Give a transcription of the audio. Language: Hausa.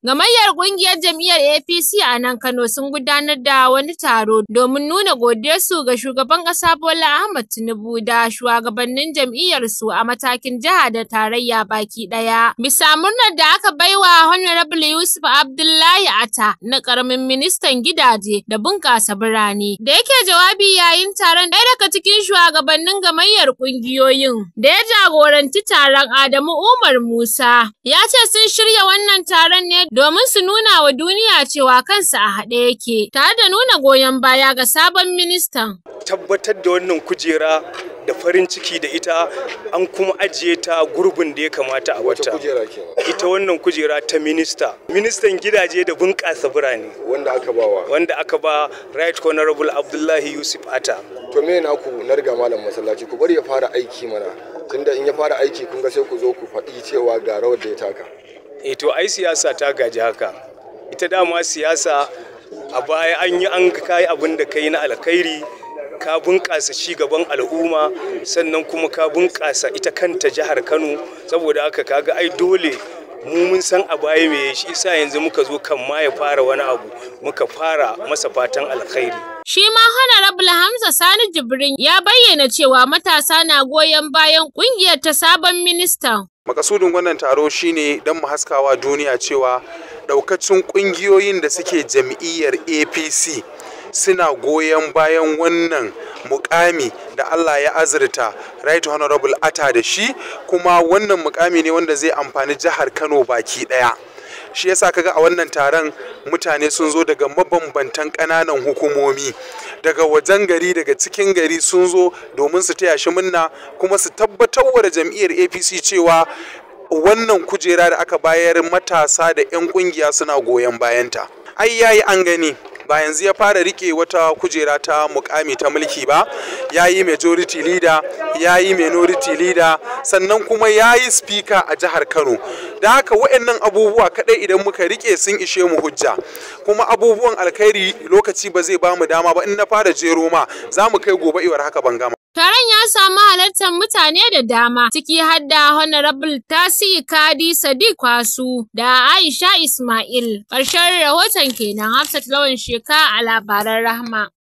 Gamayyar ƙungiyar jam'iyyar APC a nan Kano sun gudanar da wani taro domin nuna godiyarsu ga shugaban ƙasa Bola Ahmed Tinubu da shugabannin jam'iyyarsu a matakin jiha da tarayya baki ɗaya. Bisa murnar da aka baiwa Honorable Yusuf Abdullahi Ata na ƙaramin ministan gidaje da bunƙasa birane. Da yake jawabi yayin taron ɗaya daga cikin shugabannin gamayyar ƙungiyoyin da ya jagoranci taron Adamu Umar Musa ya ce sun shirya wannan taron ne domin su nuna wa duniya cewa kansu a haɗe yake tare da nuna goyon baya ga sabon ministan. Tabbatar da wannan kujera da farin ciki da ita an kuma ajiye ta gurbin da ya kamata a wata. Ita wannan kujera ta minista. Ministan gidaje da bunƙasa birane. Wanda aka ba wa. Wanda aka ba Right Honorable Abdullahi Yusuf Ata. To me na ku narga malam masallaci ku bari ya fara aiki mana. Tunda in ya fara aiki kun ga sai ku zo ku faɗi cewa ga rawar da ya taka. e to ai siyasa ta gaji haka ita dama siyasa a baya an yi an kai abin da kai na alkhairi ka bunƙasa ci gaban al'umma sannan kuma ka bunƙasa ita kanta jihar kano saboda haka kaga ai dole mu mun san a baya me shi isa yanzu muka zo kan ma ya fara wani abu muka fara masa fatan alkhairi Shi ma Honorable Hamza Sani Jibrin ya bayyana cewa matasa na goyon bayan ƙungiyar ta sabon ministan makasudin wannan taro shine don mu haskawa duniya cewa daukacin kungiyoyin da suke jam'iyyar apc suna goyon bayan wannan mukami da Allah ya azurta right honorable ata da shi kuma wannan mukami ne wanda zai amfani jihar kano baki daya shi yasa kaga a wannan taron mutane sun zo daga mabambantan ƙananan hukumomi daga wajen gari daga cikin gari sun zo domin su taya shi munna kuma su tabbatarwa da jam'iyyar apc cewa wannan kujera da aka bayar matasa da 'yan kungiya suna goyon bayanta ai yayi an gani ba yanzu ya fara rike wata kujera ta mukami ta mulki ba ya yi majority leader ya yi minority leader sannan kuma ya yi speaker a jihar kano da haka waɗannan abubuwa kadai idan muka rike sun ishe mu hujja kuma abubuwan alkhairi lokaci ba zai ba mu dama ba in na fara jero ma za mu kai gobe iwar haka ban gama Taron ya samu halartar mutane da dama, ciki har da Honorable Tasi Kadi Sadiq Kwasu da Aisha Ismail. Ƙarshen rahoton kenan, Hafsat Lawan Sheka a labaran Rahma.